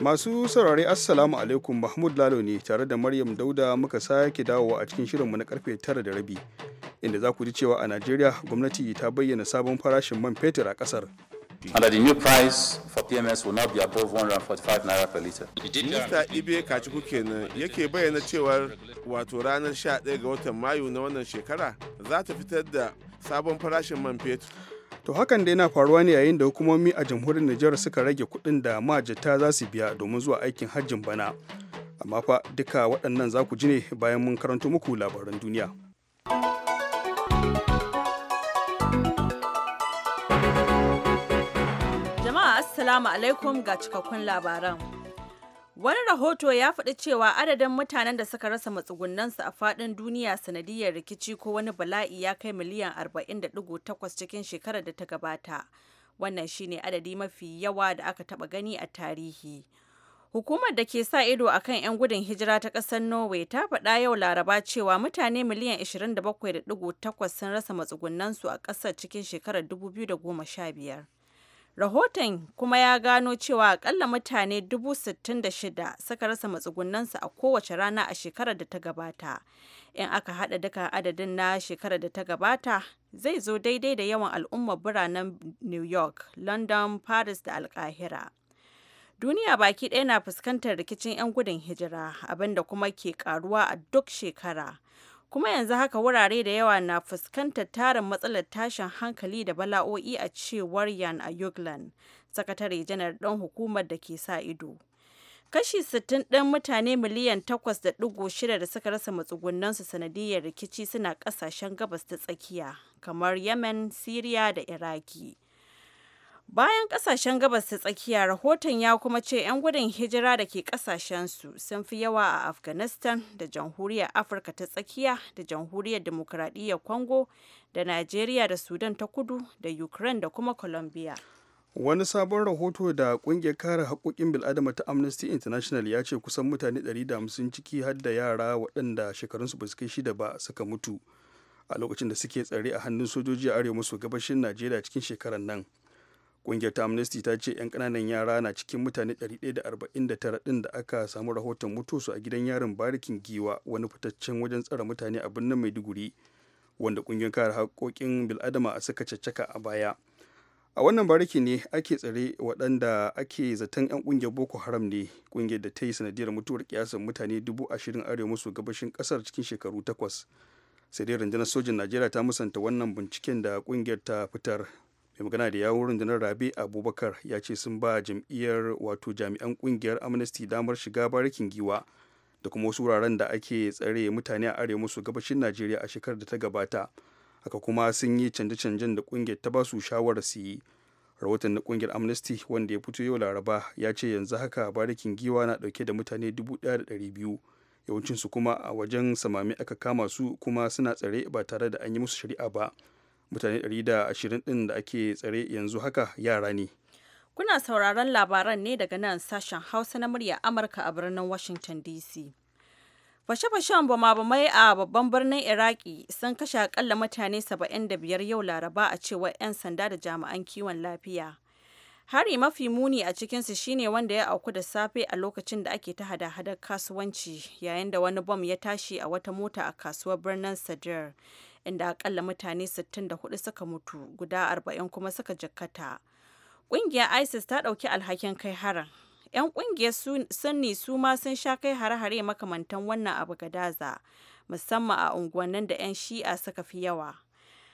Masu saurare Assalamu alaikum Mahmud Lalo ne tare da Maryam Dauda muka sake dawowa a cikin shirinmu na karfe tara da rabi. Inda za ku ji cewa a Najeriya gwamnati ta bayyana sabon farashin man fetur a kasar. Under the new price for PMS will not be above 145 naira per liter. Minista Ibe Kaciku kenan yake bayyana cewar wato ranar 11 ga watan Mayu na wannan shekara za ta fitar da sabon farashin man fetur. To hakan da yana faruwa ne yayin da hukumomi a jamhuriyar Nijar suka rage kuɗin da majata za su biya domin zuwa aikin hajjin bana. Amma fa duka waɗannan za ku ji ne bayan mun karanto muku labaran duniya. Jama'a Assalamu alaikum ga cikakkun labaran. Wani rahoto ya faɗi cewa adadin mutanen da suka rasa matsugunansu a faɗin duniya sanadiyar rikici ko wani bala'i ya kai miliyan 40.8 cikin shekarar da ta gabata. Wannan shine adadi mafi yawa da aka taɓa gani a tarihi. Hukumar da ke sa ido a kan 'yan gudun hijira ta ƙasar Norway ta faɗa yau Laraba cewa mutane miliyan 27.8 sun rasa matsugunansu a ƙasar cikin shekarar 2015. Rahoton kuma ya gano cewa akalla mutane 66,000 suka rasa matsugunansu a kowace rana a shekarar da ta gabata. In aka hada duka adadin na shekarar da ta gabata, zai zo daidai da yawan al'ummar biranen New York, London, Paris da Alkahira. Duniya baki ɗaya na fuskantar rikicin 'yan gudun hijira, abinda kuma ke karuwa a duk shekara. kuma yanzu haka wurare da yawa na fuskantar tarin matsalar tashin hankali da bala'o'i a cewar yan ayuglan sakatare janar ɗan hukumar da ke sa ido kashi 60 ɗin mutane miliyan 8.6 da suka rasa matsugunansu sanadiyar rikici suna ƙasashen gabas ta tsakiya kamar yemen syria da iraki Bayan kasashen gabas ta tsakiya rahoton ya kuma ce 'yan gudun hijira da ke kasashen su sun fi yawa a Afghanistan da jamhuriyar Afirka ta tsakiya da jamhuriyar demokuraɗiyyar Congo da Najeriya da Sudan ta kudu da Ukraine da kuma Colombia. Wani sabon rahoto da kungiyar kare haƙoƙin bil'adama ta Amnesty International ya ce kusan mutane 150 ciki har da yara waɗanda shekarunsu ba su kai shida ba suka mutu a lokacin da suke tsare a hannun sojoji a arewa maso gabashin Najeriya cikin shekarar nan. kungiyar ta Amnesty ta ce 'yan kananan yara na cikin mutane 149 din da aka samu rahoton su a gidan yarin barikin giwa wani fitaccen wajen tsare mutane a birnin Maiduguri wanda kungiyar kare haƙoƙin bil'adama a suka caccaka a baya. A wannan bariki ne ake tsare waɗanda ake zaton 'yan ƙungiyar Boko Haram ne ƙungiyar da ta yi sanadiyar mutuwar kiyasin mutane dubu ashirin arewa maso gabashin ƙasar cikin shekaru takwas. sai dai rundunar sojin najeriya ta musanta wannan binciken da kungiyar ta fitar mai magana da yawun rundunar rabi abubakar ya ce sun ba jam'iyyar wato jami'an kungiyar amnesty damar shiga barikin giwa da kuma wasu wuraren da ake tsare mutane a arewa maso gabashin najeriya a shekarar da ta gabata haka kuma sun yi canje-canjen da kungiyar ta ba su shawarar su yi rahoton na kungiyar amnesty wanda ya fito yau laraba ya ce yanzu haka barikin giwa na dauke da mutane 1,200 yawancinsu kuma a wajen samami aka kama su kuma suna tsare ba tare da an yi musu shari'a ba mutane 120 ɗin da ake tsare yanzu haka yara ne kuna sauraron labaran ne daga nan sashen hausa na murya amurka a birnin washington dc fashe-fashen bama-bamai a babban birnin iraki sun kashe akalla mutane 75 yau laraba a cewa 'yan sanda da jami'an kiwon lafiya hari mafi muni a cikinsu shine wanda ya auku da safe a lokacin da ake ta hada-hadar kasuwanci yayin da wani bom ya tashi a wata mota a kasuwar birnin sadr inda akalla mutane 64 suka mutu guda 40 kuma suka jikkata ƙungiyar isis ta ɗauki alhakin kai harin 'yan ƙungiyar sunni su ma sun sha kai hare-hare makamantan wannan abu gadaza musamman a unguwannin da 'yan shi'a suka fi yawa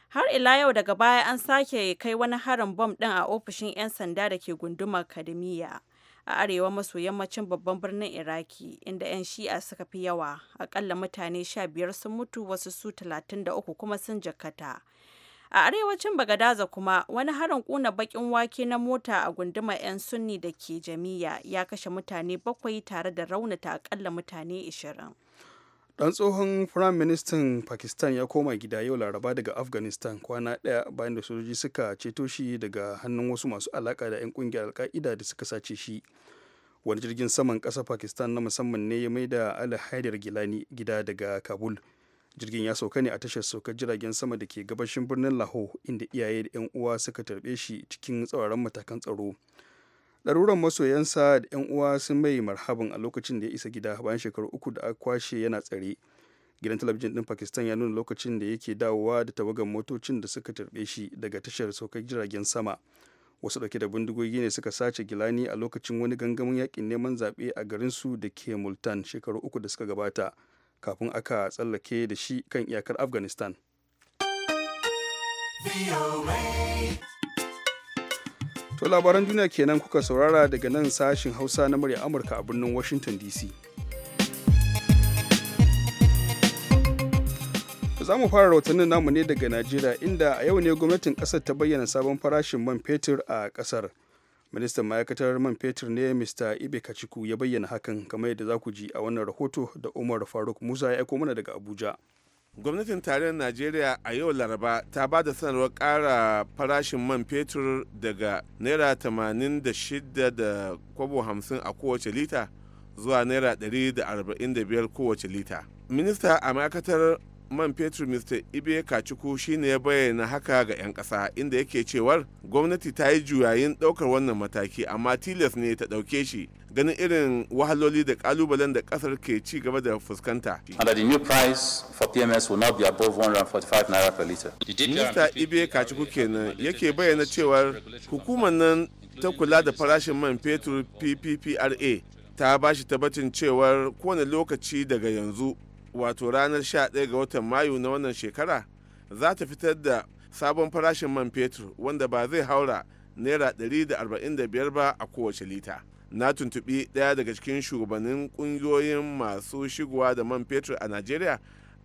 har ila yau daga baya an sake kai wani harin bom ɗin a ofishin 'yan sanda da ke gundumar kadimiyya a arewa maso yammacin babban birnin iraki inda 'yan shi'a suka fi yawa akalla mutane 15 sun mutu wasu su 33 kuma sun jakata a arewacin bagadaza kuma wani harin kuna bakin wake na mota a gunduma 'yan sunni da ke jamiya ya kashe mutane bakwai tare da raunata akalla mutane 20 dan tsohon firayim ministan pakistan ya koma gida yau laraba daga afghanistan kwana daya bayan da sojoji suka ceto shi daga hannun wasu masu alaka da 'yan kungiyar alka'ida da suka sace shi wani jirgin saman kasa pakistan na musamman ne ya maida da haidar gilani gida daga kabul jirgin ya sauka ne a tashar saukar jiragen sama da ke gabashin birnin laho inda iyaye da 'yan uwa suka tarbe shi cikin tsauraran matakan tsaro ɗaruran masoyansa da 'yan uwa sun mai marhaban a lokacin da ya isa gida bayan shekaru uku da aka kwashe yana tsare gidan talabijin ɗin pakistan ya nuna lokacin da yake dawowa da tawagan motocin da suka tarbe shi daga tashar saukar jiragen sama wasu ɗauke da bindigogi ne suka sace gilani a lokacin wani gangamin yakin neman zaɓe a garin su da ke multan shekaru uku da suka gabata kafin aka tsallake da shi kan iyakar afghanistan. To labaran duniya kenan kuka saurara daga nan sashin Hausa na murya Amurka a birnin Washington DC. Za mu fara rahotannin namu ne daga Najeriya inda a yau ne gwamnatin ƙasar ta bayyana sabon farashin man fetur a ƙasar. Ministan ma'aikatar man fetur ne Mr. Ibe Kachiku ya bayyana hakan kamar yadda za ku ji a wannan rahoto da Umar Faruk Musa ya aiko mana daga Abuja. gwamnatin tarayyar najeriya a yau laraba ta ba da sanarwar ƙara farashin man fetur daga naira 86 da kwabo 50 a kowace lita zuwa naira 145 kowace lita minista a ma'aikatar man fetur mr ibe kaciku shine ya bayyana haka ga 'yan kasa inda yake cewar gwamnati ta yi juyayin daukar wannan mataki amma tilas ne ta dauke shi ganin irin wahaloli da kalubalen da kasar ke ci gaba da fuskanta. Under the new price for PMS will not be above 145 naira per liter. Minista Ibe Kachiku kenan yake bayyana cewar hukumar nan ta kula da farashin man fetur PPPRA ta bashi shi tabbacin cewar kowane lokaci daga yanzu wato ranar 11 ga watan mayu na wannan shekara za ta fitar da sabon farashin man fetur wanda ba zai haura naira 145 ba a kowace lita na tuntuɓi ɗaya daga cikin shugabannin ƙungiyoyin masu shigowa da man fetur a najeriya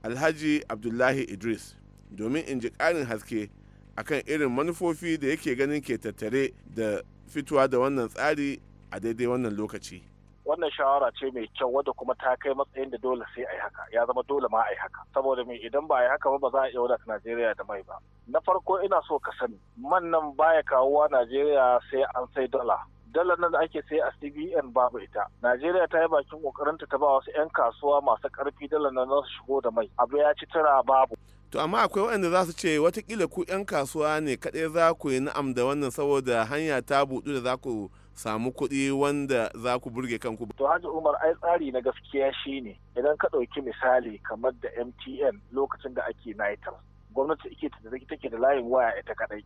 alhaji abdullahi idris domin in ji ƙarin haske akan irin manufofi da yake ganin ke tattare da fitowa da wannan tsari a daidai wannan lokaci wannan shawara ce mai kyau wadda kuma ta kai matsayin da dole sai a yi haka ya zama dole ma a yi haka saboda mai idan ba a yi haka ba ba za a iya wadata najeriya da mai ba na farko ina so ka sani man nan baya kawowa najeriya sai an sai dala dala nan da ake sai a CBN babu ita. Najeriya ta yi bakin kokarinta ta ba wasu 'yan kasuwa masu karfi dala nan su shigo da mai. Abu ya ci tara babu. To amma akwai waɗanda za su ce watakila ku 'yan kasuwa ne kaɗai za ku yi na'am da wannan saboda hanya ta buɗu da za ku samu kuɗi wanda za ku burge kanku. ba. To Haji Umar ai tsari na gaskiya shi ne. idan ka ɗauki misali kamar da MTN lokacin da ake Nitel gwamnati ike take da layin waya ita kaɗai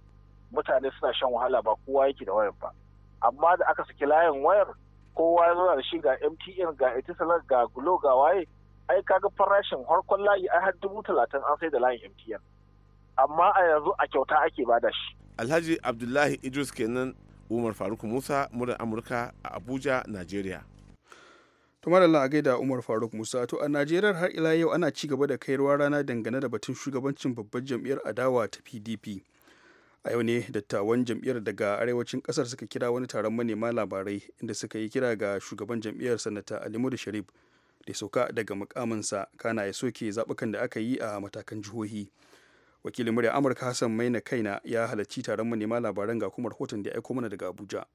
mutane suna shan wahala ba kowa yake da wayar ba amma da aka saki layin wayar kowa ya zauna da shi ga MTN ga Etisalat ga Glo ga waye ai kaga farashin harkon layi ai har dubu talatin an sai da layin MTN amma a yanzu a kyauta ake bada shi. Alhaji Abdullahi Idris kenan umar faruk musa murar amurka a abuja nigeria to a gaida Umar Faruk Musa to a Najeriya har ila yau ana ci gaba da kairuwa rana dangane da batun shugabancin babbar jam'iyyar adawa ta PDP. A yau ne dattawan jam'iyyar daga arewacin kasar suka kira wani taron manema labarai inda suka yi kira ga shugaban jam'iyyar sanata Alimudu Sharif da sauka daga mukaminsa kana ya soke zaɓukan da aka yi a matakan jihohi. wakilin murya amurka hassan maina kaina ya halarci taron manema labaran ga kuma rahoton da ya aiko mana daga abuja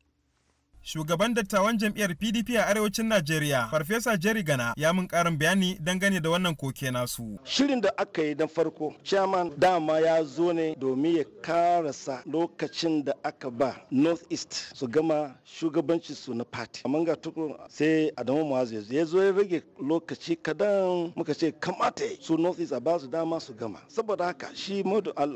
shugaban dattawan jam'iyyar pdp a arewacin najeriya farfesa jerry gana ya mun karin bayani dangane da wannan koke nasu shirin da aka yi don farko chairman dama ya zo ne domin ya karasa lokacin da aka ba north east su gama shugabanci su na party amma ga tuku sai adamu muazu ya zo ya rage lokaci kadan muka ce kamata su north east a ba su dama su gama saboda haka shi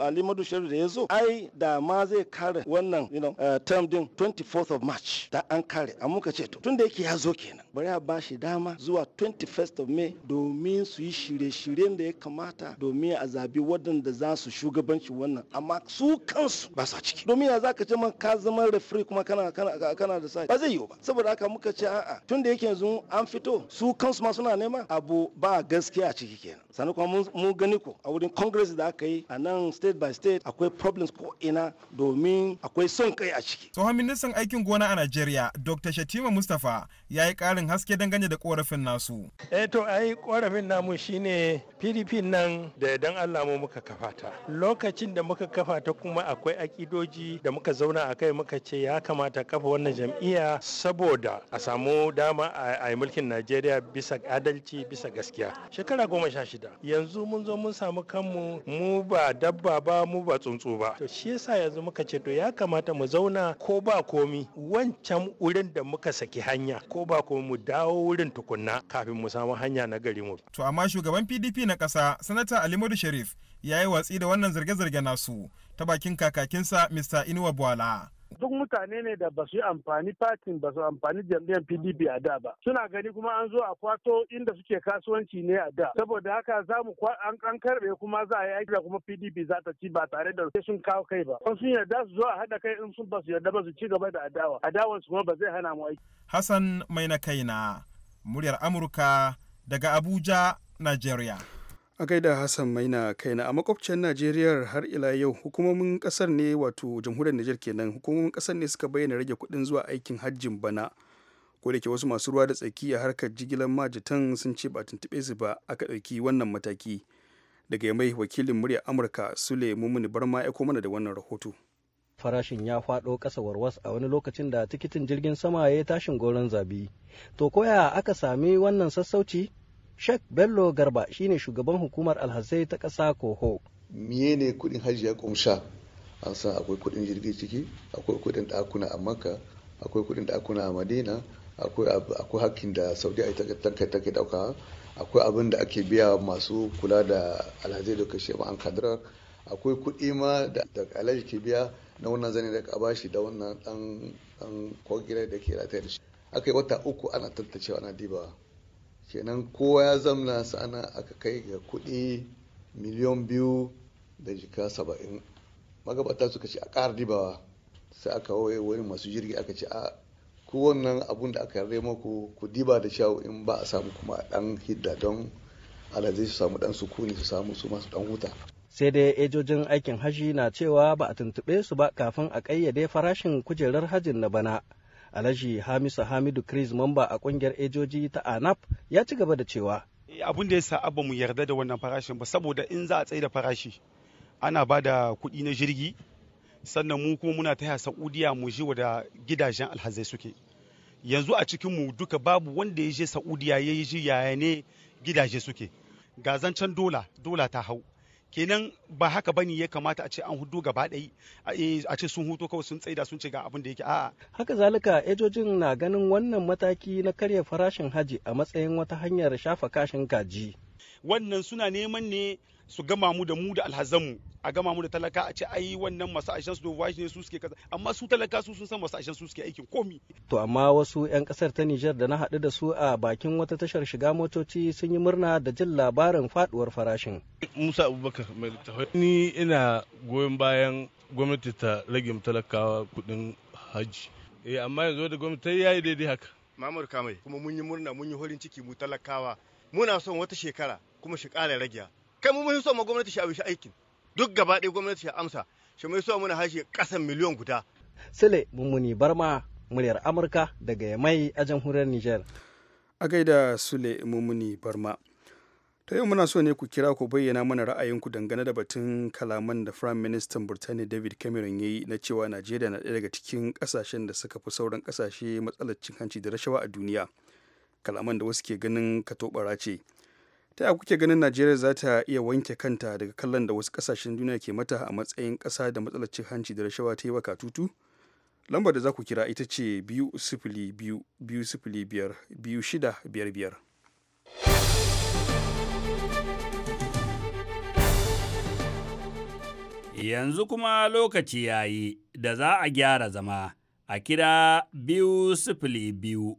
ali madu da ya zo ai dama zai kare wannan eh, term din 24th of march da an kare amma muka ce to tun da yake ya zo kenan bari a ba shi dama zuwa 21st of May domin su yi shirye-shiryen da ya kamata domin a zabi waɗanda za su shugabanci wannan amma su kansu ba su ciki domin ya zaka ce man ka zama referee kuma kana kana kana da sai ba zai yiwu ba saboda haka muka ce a'a tun da yake yanzu an fito su kansu ma suna nema abu ba gaskiya a ciki kenan sannan kuma mu gani ko a wurin congress da aka yi a nan state by state akwai problems ko ina domin akwai son kai a ciki tsohon ministan aikin gona a Najeriya Zaria Dr. Shatima Mustapha ya yi ƙarin haske dangane da korafin nasu. Eh to ai korafin namu shine PDP nan da dan Allah mu muka kafa ta. Lokacin da muka kafa ta kuma akwai akidoji da muka zauna a kai muka ce ya kamata kafa wannan jam'iyya saboda a samu dama a yi mulkin Najeriya bisa adalci bisa gaskiya. Shekara goma sha shida. Yanzu mun zo mun samu kanmu mu ba dabba ba mu ba tsuntsu ba. To shi yasa yanzu muka ce to ya kamata mu zauna ko ba komi wancan can wurin da muka saki hanya ko ba ko mu dawo wurin tukunna kafin mu samu hanya na gari mu. To amma shugaban PDP na ƙasa sanata Alimadu Sharif ya yi watsi da wannan zarge-zarge nasu ta bakin kakakinsa Mr. Inuwa Bwala. duk mutane ne da ba su yi amfani fatin ba su amfani jam'iyyar pdp a da ba suna gani kuma an zo a kwato inda suke kasuwanci ne a da saboda haka za mu an karbe kuma za a yi aiki da kuma pdp za ta ci ba tare da sun kawo kai ba sun yarda su zo a haɗa kai in sun ba su yarda ba su ci gaba da adawa adawar su kuma ba zai hana mu aiki hassan mai na kai na muryar amurka daga abuja nigeria a gaida hassan maina kaina a makwabciyar najeriya har ila yau hukumomin kasar ne wato jamhuriyar nijar kenan hukumomin kasar ne suka bayyana rage kuɗin zuwa aikin hajjin bana ko da ke wasu masu ruwa da tsaki a harkar jigilar majitan sun ce ba tuntube su ba aka ɗauki wannan mataki daga mai wakilin murya amurka sule mumuni barma ya mana da wannan rahoto farashin ya faɗo ƙasa warwas a wani lokacin da tikitin jirgin sama ya tashin goron zabi to koya aka sami wannan sassauci Sheikh Bello Garba shine shugaban hukumar alhazai ta ƙasa Koho. Miye ne kuɗin hajji ya kumsha? An san akwai kuɗin jirgin ciki, akwai kuɗin ɗakuna a Makka, akwai kuɗin ɗakuna a Madina, akwai hakkin da Saudi Arabia take ɗauka, akwai abin da ake biya masu kula da alhazai da kashe an kadara, akwai kuɗi ma da alhaji ke biya na wannan zane da ka bashi da wannan ɗan kwagirai da ke rataye da shi. Aka yi wata uku ana tantacewa ana dibawa. kenan kowa ya zamna sana aka kai ga kudi miliyan biyu da jika saba'in magabata suka ce a ƙara dibawa sai aka waye wani masu jirgi aka ce a kowannan abun da aka yarda maku ku diba da shawo in ba a samu kuma a dan hidda don alazai su samu dan sukuni su samu su masu dan huta sai dai ejojin aikin haji na cewa ba a tuntuɓe su ba kafin a kayyade farashin kujerar hajin na bana Alhaji Hamisu Hamidu Chris mamba a kungiyar ejoji ta ANAP ya ci gaba da cewa. Eh, Abin da ya sa abba mu yarda da wannan farashin ba saboda in za a tsaye da farashi ana ba da kuɗi na jirgi sannan mu kuma muna taya Saudiya mu ji da gidajen alhazai suke. Yanzu a cikin mu duka babu wanda ya je Saudiya ya yi ji yaya ne gidaje suke. Gazancen dola, dola ta hau. kenan ba haka bane ya kamata a ce an hudu gaba ɗai eh, a ce sun hutu kawai sun tsaida sun ce ga abin da yake a'a haka zalika ejojin na ganin wannan mataki na karya farashin haji a matsayin wata hanyar shafa kashin kaji wannan suna neman ne su gama mu da mu da alhazanmu a gama mu da talaka a ce ai wannan masu ashen su dovashi ne su suke kaza amma su talaka su sun san masu ashen su suke aikin komi to amma wasu yan kasar ta Nijar da na haɗu da su a bakin wata tashar shiga motoci sun yi murna da jin labarin faduwar farashin Musa Abubakar mai littafai ni ina goyon bayan gwamnati ta rage talakawa kuɗin hajji eh amma yanzu da gwamnati ta yi daidai haka Mamur Kamai kuma mun yi murna mun yi horin ciki mu talakawa muna son wata shekara kuma shi ƙara ragiya kai mu mun so ma gwamnati shi abin shi aikin duk gaba ɗaya gwamnati shi amsa shi mai so muna hashe ƙasan miliyon guda sile mummuni barma muryar amurka daga yamai a jamhuriyar niger a gaida sule mummuni barma ta yau muna so ne ku kira ku bayyana mana ra'ayinku dangane da batun kalaman da prime ministan burtaniya david cameron ya yi na cewa najeriya na ɗaya daga cikin ƙasashen da suka fi sauran ƙasashe matsalar cin hanci da rashawa a duniya kalaman da wasu ke ganin katobara ce ta yaya kuke ganin najeriya za ta iya wanke kanta daga kallon da wasu kasashen duniya ke mata a matsayin ƙasa da matsalar hanci da rashawa ta yi wa katutu lambar da za ku kira ita ce biyu sifili biyu biyu sifili biyar biyu shida biyar biyar yanzu kuma lokaci ya yi da za a gyara zama a kira biyu sifili biyu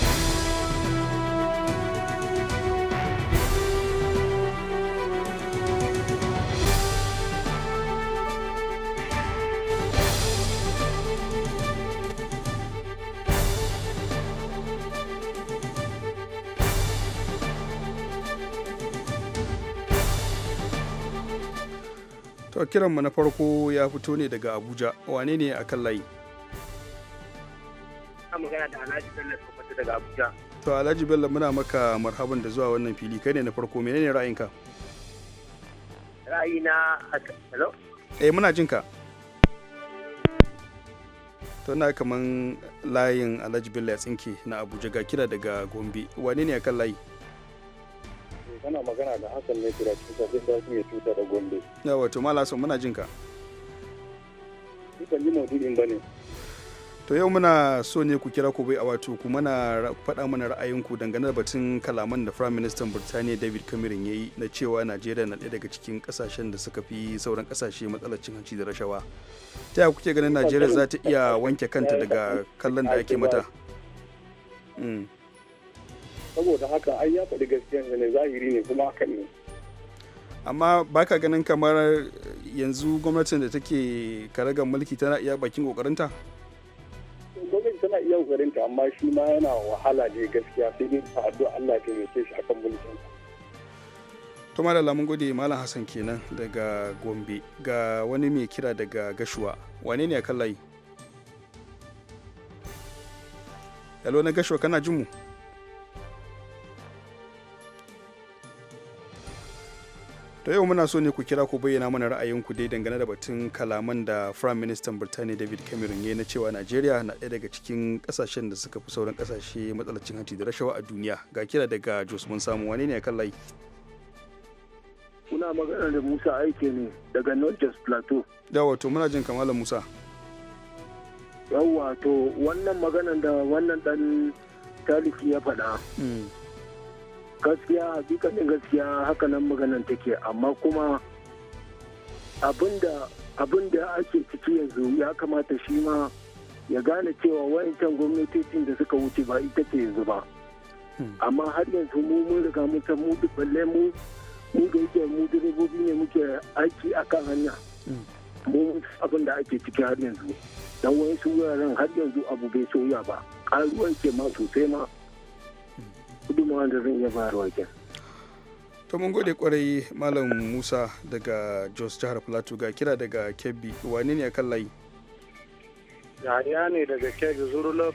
To kiranmu na farko ya fito ne daga Abuja. Wane ne a kan layi? magana da Alhaji Bello daga Abuja. To Alhaji Bello muna maka marhaban da zuwa wannan fili kai ne na farko menene ra'ayinka? Ra'ayina hello? Eh muna jin ka. To na kaman layin Alhaji Bello ya tsinke na Abuja ga kira daga Gombe. Wane ne a kan layi? kana magana da Hassan ne kira cuta sai da ya cuta da Gombe. Yawa to Malam muna jinka. Ni ban ji ba bane. to yau muna so ne ku kira ku bai a wato ku mana faɗa mana ra'ayinku dangane da batun kalaman da prime minister birtaniya david cameron ya yi na cewa najeriya na ɗaya daga cikin ƙasashen da suka fi sauran ƙasashe matsalar cin hanci da rashawa ta yaya kuke ganin najeriya za ta iya wanke kanta daga kallon da ake mata hmm. saboda haka ai ya faɗi gaskiyan ne zahiri ne kuma haka ne amma baka ganin kamar yanzu gwamnatin da take karagar mulki tana iya bakin kokarinta gwamnati tana iya kokarinta amma shi ma yana wahala ne gaskiya sai dai ta addu'a Allah ya yake shi akan mulkin to malala mun gode malam Hassan kenan daga Gombe ga wani mai kira daga Gashuwa wane ne akan layi Hello na Gashuwa kana jin mu da yau muna so ne ku kira ku bayyana mana ra'ayinku dai dangane da batun kalaman da Prime Minister Birtaniya David Cameron ya na cewa nigeria na ɗaya daga cikin kasashen da suka fi sauran kasashe matsalacin hanci da rashawa a duniya. Ga kira daga Jos mun samu wane ne kan layi? Muna magana da Musa aike ne daga North Jos Plateau. Da wato muna jin kamalan Musa. Yawwa to wannan maganan da wannan dan talifi ya faɗa. Hmm. gaskiya hakikanin gaskiya hakanan nan maganan take amma kuma abinda ake ciki yanzu ya kamata shi ma ya gane cewa wa'ancan gwamnatocin da suka wuce ba ita ce yanzu ba hmm. amma har yanzu mu mun riga mun san mu balle mu mu da yake mu direbobi ne muke aiki a kan hanya hmm. mu abin da ake ciki har yanzu dan wani su wuraren har yanzu abu bai soya ba ƙaruwan ke ma sosai ma gudunmawar da zan iya faruwa ke to mun gode kwarai malam musa daga jos jihar plateau ga kira daga kebbi wane ne kan layi yaya ne daga kebbi zurula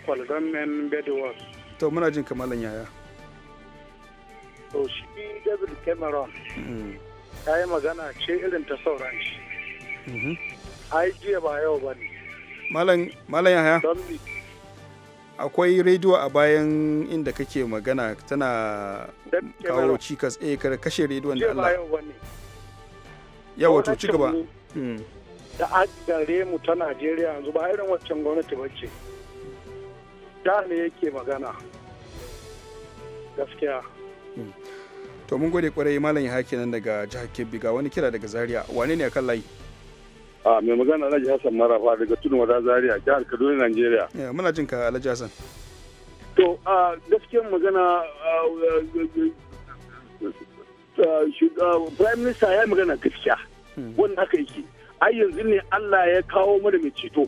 men bedouin to muna jin kamalan yaya to shi david cameron mm. ya yi magana ce irin ta sauran shi mm-hmm. ai jiya ba yau ba ne malam yaya don akwai rediyo a bayan inda kake magana tana kawo cikas a eh, kar kashe rediyon da Allah ya wato ci gaba hmm. da adare mu ta Najeriya yanzu ba irin waccan gwamnati bace da ne yake magana gaskiya hmm. to mun gode kwarai malam ya nan daga jihar Kebbi ga wani kira daga Zaria wane ne akan layi a mai magana alhaji hassan marafa daga tudun wada zaria jihar kaduna nigeria eh, muna jin ka alhaji hassan to a gaskiyar magana prime minister ya magana gaskiya hmm. wanda aka yi ai yanzu ne allah ya kawo mana mai ceto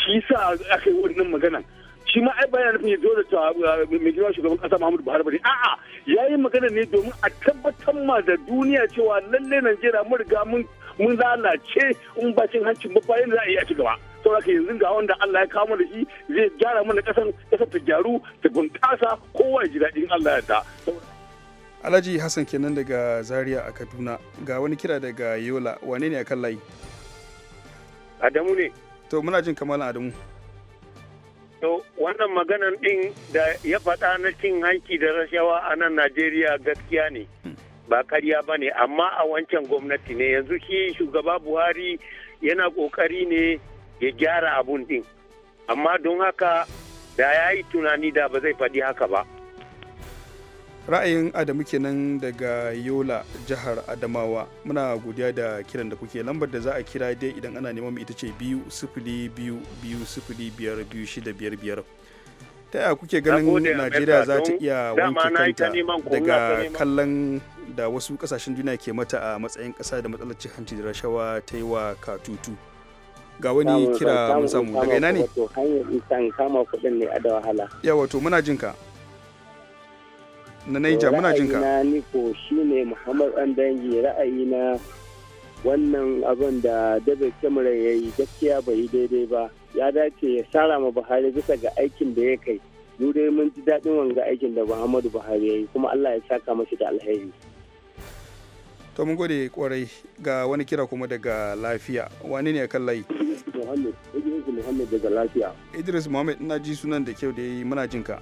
shi sa aka yi wannan magana shi ma ai bayan nufin ya dole ta mai girma shugaban kasa Muhammadu Buhari bane a'a yayi magana ne domin a tabbatar ma da duniya cewa lalle Najeriya mun riga mun mun lalace in bacin hancin ba bayan za a yi a ci gaba saboda yanzu ga wanda Allah ya kawo da shi zai gyara mana kasan kasar ta gyaru ta bunƙasa kowa ya ji daɗin Allah ya da Alhaji Hassan kenan daga Zaria a Kaduna ga wani kira daga Yola wane ne a kan layi Adamu ne to muna jin kamalan Adamu To wannan maganan ɗin da ya faɗa na cin hanci da rashawa a nan Najeriya gaskiya ne. Hmm. ba karya ba ne amma a wancan gwamnati ne yanzu shi shugaba buhari yana kokari ne ya gyara abun din amma don haka da ya yi tunani da ba zai faɗi haka ba ra'ayin adamu kenan daga yola jihar adamawa muna godiya da kiran da kuke lambar da za a kira dai idan ana neman ita ce biyu sifili biyu biyu sifili biyar biyu shida biyar biyar ta yaya kuke ganin najeriya za ta iya wanke kanta daga kallon da wasu kasashen duniya ke mata a matsayin kasa da matsalar cin hanci da rashawa ta yi wa katutu ga wani kira mun samu daga ina ne kama kuɗin ne a da wahala muna jin ka na naija muna jin ka ni ko shine muhammad ra'ayi na wannan abin da david kyamara ya yi gaskiya bai yi daidai ba ya dace ya sara ma buhari bisa ga aikin da ya kai mu mun ji daɗin wanga aikin da muhammadu buhari ya yi kuma allah ya saka mashi da alheri to mun gode kwarai ga wani kira kuma daga lafiya wani ne kan layi idris muhammad na ina ji sunan da kyau da yi muna jin ka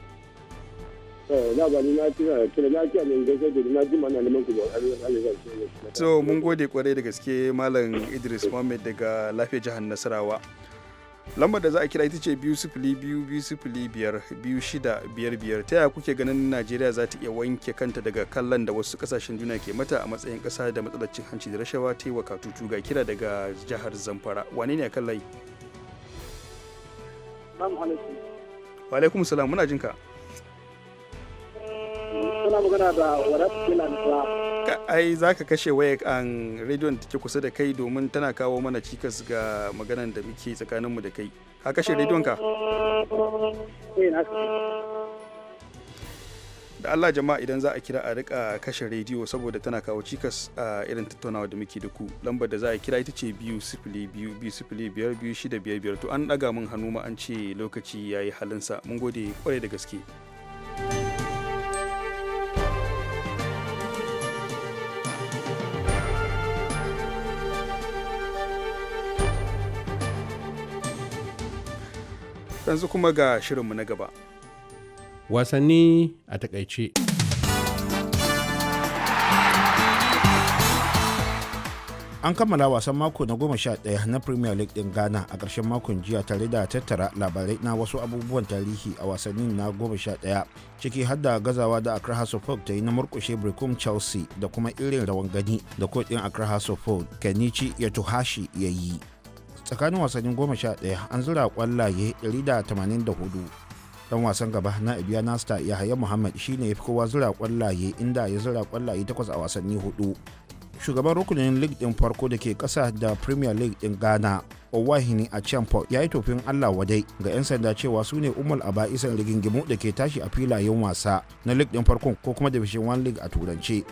so mun gode kwarai da gaske malam idris muhammad daga lafiya jihar nasarawa lambar da za a kira ita ce biyu sifili biyu biyu sifili biyar biyu shida biyar biyar ta yaya kuke ganin najeriya za ta iya wanke kanta daga kallon da wasu kasashen duniya ke mata a matsayin kasa da matsalar cin hanci da rashawa ta yi wa katutu ga kira daga jihar zamfara wane ne a kan layi wa alaikum salam muna jinka eh, suna magana da wadat kilan ai za ka kashe waya an um, rediyon da ke kusa da kai domin tana kawo mana cikas ga maganan da muke tsakaninmu da kai ka kashe rediyon ka da Allah jama'a idan za a kira a rika kashe rediyo saboda tana kawo cikas a irin tattaunawa da muke da ku lambar da za a kira ita ce biyu sifili biyu biyu sifili biyar biyu shida biyar biyar to an ɗaga min hannu ma an ce lokaci ya yi halinsa mun gode kwarai da gaske. yanzu kuma ga shirinmu na gaba wasanni a takaice an kammala wasan mako na goma sha ɗaya na premier league ɗin ghana a ƙarshen makon jiya tare da tattara labarai na wasu abubuwan tarihi a wasannin na goma sha ɗaya ciki har da gazawa da accra hasselhoff ta yi na murƙushe brecum chelsea da kuma irin rawan gani da koɗin accra hasselhoff kenichi ya ya yi tsakanin wasannin goma sha ɗaya an zura kwallaye 184 dan wasan gaba na ibiya nasta yahaya muhammad shine ya fi kowa zura kwallaye inda ya zura kwallaye takwas a wasanni hudu shugaban rukunin league din farko da ke kasa da premier league din ghana owahini a champo ya yi tofin allah wadai ga 'yan sanda cewa su ne umar a ba'isan rigingimu da ke tashi a filayen wasa na league din farkon ko kuma division one league a turance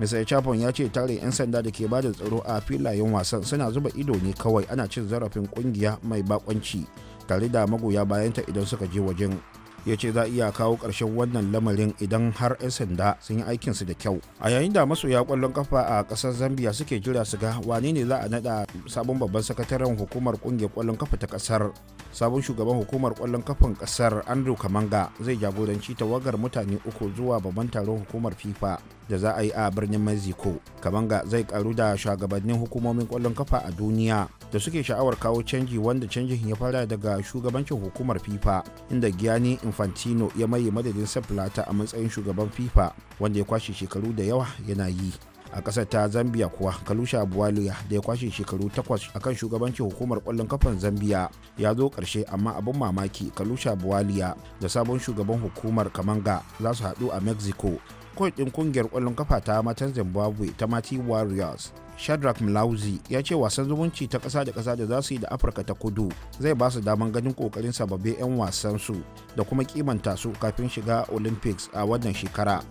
mr chapon ya ce tare 'yan sanda da ke bada tsaro a filayen wasan suna zuba ido ne kawai ana cin zarafin kungiya mai bakonci tare da magoya bayanta idan suka je wajen ya ce za iya kawo ƙarshen wannan lamarin idan har 'yan sanda sun yi aikinsu da kyau a yayin da masoya kwallon kafa a ƙasar zambia suke jira su ga wane ne za a naɗa sabon babban sakataren hukumar ƙungiyar kwallon kafa ta ƙasar sabon shugaban hukumar kwallon kafan kasar andrew kamanga zai jagoranci tawagar mutane uku zuwa babban taron hukumar fifa da za a yi a birnin mexico kamanga zai karu da shugabannin hukumomin kwallon kafa a duniya da suke sha'awar kawo canji wanda canjin ya fara daga shugabancin hukumar fifa inda gianni infantino ya maye madadin seflata a matsayin shugaban fifa wanda ya kwashe shekaru da yawa yana yi a ƙasar ta zambia kuwa kalusha buwaliya da ya kwashe shekaru takwas a kan shugabancin hukumar kwallon kafan zambia ya zo ƙarshe amma abin mamaki kalusha buwaliya da sabon shugaban hukumar kamanga za su haɗu a mexico kawai ɗin ƙungiyar ƙwallon kafa ta matan zimbabwe ta mati warriors shadrack mlauzi ya ce wasan zumunci ta ƙasa da ƙasa da za su yi da afirka ta kudu zai ba su daman ganin ƙoƙarin sababbin 'yan wasansu da kuma kimanta su kafin shiga olympics a wannan shekara.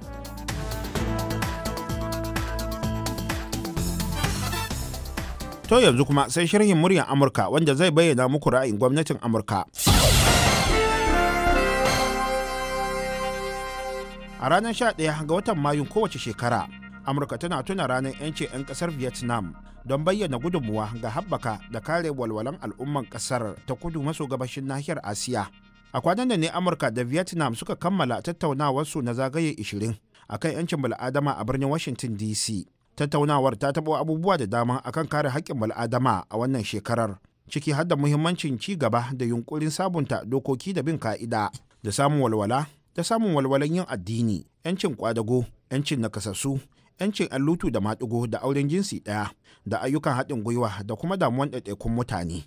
To yanzu kuma sai shirin muryar Amurka wanda zai bayyana muku ra'ayin gwamnatin Amurka. A ranar 11 ga watan mayu kowace shekara, Amurka tana tuna ranar 'yancin 'yan ƙasar Vietnam don bayyana gudunmuwa ga haɓaka da kare walwalan al'umman ƙasar ta kudu maso gabashin nahiyar Asiya. A kwanan da ne Amurka da Vietnam suka kammala tattaunawarsu na zagaye 20 a kan 'yancin bil'adama a birnin Washington DC. tattaunawar ta taɓo abubuwa da dama akan kare haƙƙin bal'adama a wannan shekarar ciki har da muhimmancin ci gaba da yunkurin sabunta dokoki da bin ka'ida da samun walwala da samun walwalan yin addini yancin kwadago yancin nakasassu yancin allutu da maɗigo da auren jinsi ɗaya da ayyukan haɗin gwiwa da kuma damuwan ɗaiɗaikun mutane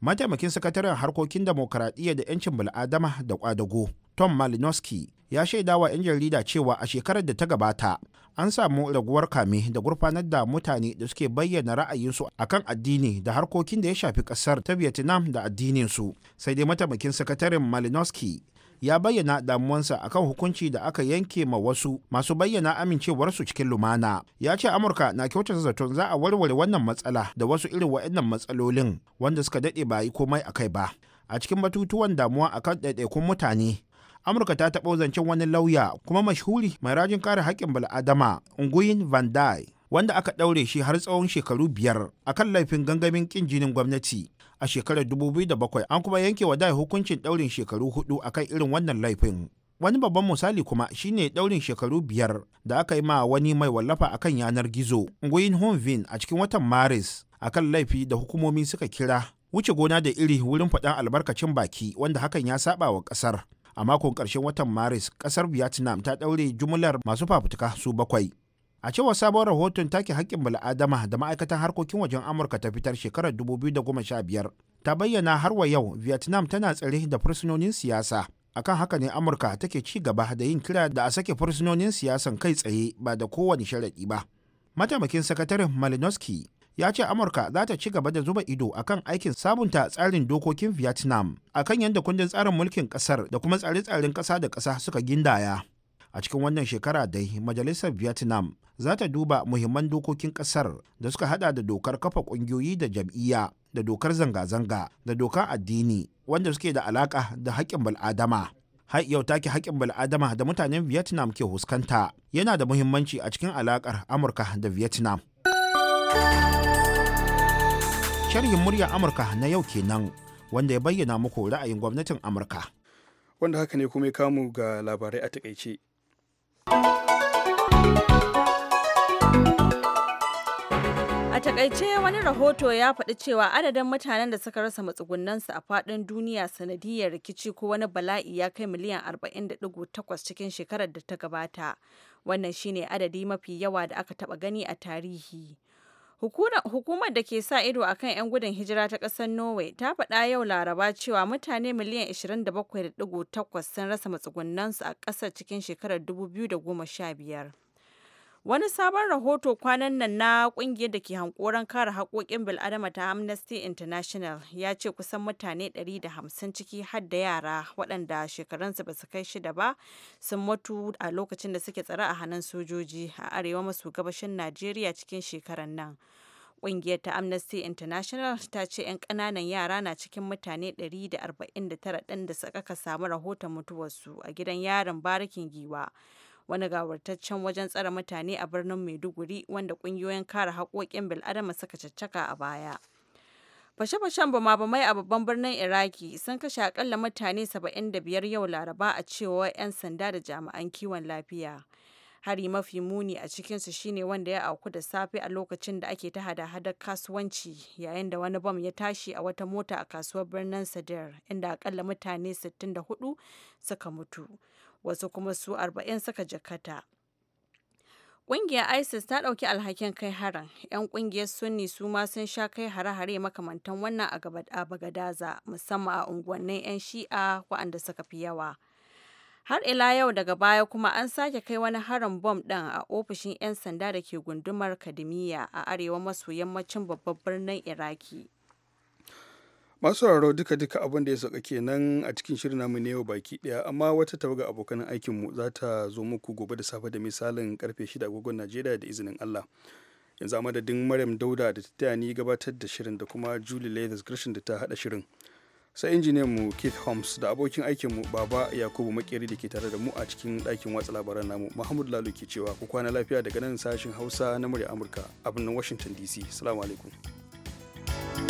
mataimakin sakataren harkokin demokaradiyya da yancin bil'adama da kwadago tom malinowski ya shaida wa 'yan jarida cewa a shekarar da ta gabata an samu raguwar kame da gurfanar da mutane da suke bayyana ra'ayinsu a kan addini da harkokin da ya shafi kasar ta vietnam da addininsu sai dai mataimakin sakataren malinowski ya bayyana damuwansa kan hukunci da aka yanke ma wasu masu bayyana amincewarsu cikin lumana ya ce amurka na kyautata zaton za a warware wannan matsala da wasu irin waɗannan matsalolin wanda suka daɗe ba yi komai a kai ba a cikin batutuwan damuwa akan ɗaiɗaikun mutane amurka ta taɓa zancen wani lauya kuma mashhuri mai rajin kare haƙƙin Bala'adama nguyen van dai wanda aka ɗaure shi har tsawon shekaru biyar a kan laifin gangamin ƙin jinin gwamnati a shekarar 2007 an kuma yanke wa dai hukuncin ɗaurin shekaru hudu a kan irin wannan laifin wani babban misali kuma shine ɗaurin shekaru biyar da aka yi ma wani mai wallafa a kan yanar gizo nguyen honvin a cikin watan maris a kan laifi da hukumomi suka kira wuce gona da iri wurin faɗan albarkacin baki wanda hakan ya saba wa ƙasar a makon karshen watan maris kasar vietnam ta ɗaure jumlar masu fafutuka su bakwai a cewar sabon rahoton take haƙƙin bala'adama da ma'aikatan harkokin wajen amurka ta fitar shekarar 2015 ta bayyana har wa yau vietnam tana tsare da fursunonin siyasa akan haka ne amurka take ci gaba da yin kira da a sake fursunonin siyasan kai tsaye ba da kowane sharaɗi ba mataimakin sakataren malinowski ya ce amurka za ta ci gaba da zuba ido akan aikin sabunta tsarin dokokin vietnam akan yadda kundin tsarin mulkin kasar da kuma tsare-tsaren kasa da kasa suka gindaya a cikin wannan shekara dai majalisar vietnam za ta duba muhimman dokokin kasar da suka hada da dokar kafa kungiyoyi da jam'iyya da dokar zanga-zanga da dokar addini wanda suke da alaka da haƙƙin bal'adama har yau take haƙƙin bal'adama da mutanen vietnam ke huskanta yana da muhimmanci a cikin alaƙar amurka da vietnam Sharhin murya Amurka na yau kenan wanda ya bayyana muku ra'ayin gwamnatin Amurka. Wanda haka ne kuma ya kamu ga labarai a takaice. A takaice wani rahoto ya faɗi cewa adadin mutanen da suka rasa matsugunansu a faɗin duniya sanadiyar rikici ko wani bala'i ya kai miliyan 40.8 cikin shekarar da ta gabata. Wannan shine adadi mafi yawa da aka taɓa gani a tarihi. Hukumar da ke sa ido a kan 'yan gudun hijira ta ƙasar Norway ta faɗa yau Laraba cewa mutane miliyan 27.8 sun rasa matsugunansu a ƙasar cikin shekarar 2015. Wani sabon rahoto kwanan nan na kungiyar da ke hankoron kare haƙoƙin bil'adama ta Amnesty International ya ce kusan mutane 150 ciki har da yara waɗanda shekarunsu ba su kai shida ba sun mutu a lokacin da suke tsare a hannun sojoji a arewa maso gabashin Najeriya cikin shekarar nan. Ƙungiyar ta Amnesty International ta ce 'yan ƙananan yara na cikin mutane 149 ɗin da aka samu rahoton mutuwarsu a gidan yarin barikin giwa. wani gawartaccen wajen tsare mutane a birnin Maiduguri wanda kungiyoyin kare haƙoƙin bil'adama suka caccaka a baya. Fashe-fashen bama-bamai a babban birnin Iraki sun kashe akalla mutane 75 yau Laraba a cewa 'yan sanda da jami'an kiwon lafiya. Hari mafi muni a cikinsu shine wanda ya auku da safe a lokacin da ake ta hada-hadar kasuwanci yayin da wani bam ya tashi a wata mota a kasuwar birnin Sadar inda akalla mutane 64 suka mutu. wasu kuma su arba'in suka jakata. Ƙungiyar ISIS ta ɗauki alhakin kai harin. 'Yan ƙungiyar Sunni su ma sun sha kai hare-hare makamantan wannan a Bagadaza, musamman a unguwannin 'yan Shi'a waɗanda suka fi yawa. Har ila yau daga baya kuma an sake kai wani harin bom ɗin a ofishin 'yan sanda da ke gundumar Kadimiyya a arewa maso yammacin babban birnin Iraki. masu sauraro duka duka abin da ya sauka kenan a cikin shirin namu ne yau baki daya amma wata tawaga abokan aikin mu za ta zo muku gobe da safe da misalin karfe 6 agogon Najeriya da izinin Allah yanzu a madadin Maryam Dauda da ta taya ni gabatar da shirin da kuma Julie Leathers Gershon da ta hada shirin sai injiniyan mu Keith Holmes da abokin aikin mu Baba Yakubu Makeri da ke tare da mu a cikin ɗakin watsa labaran namu Muhammad Lalu ke cewa ku kwana lafiya daga nan sashin Hausa na murya Amurka a birnin Washington DC. Assalamu alaikum.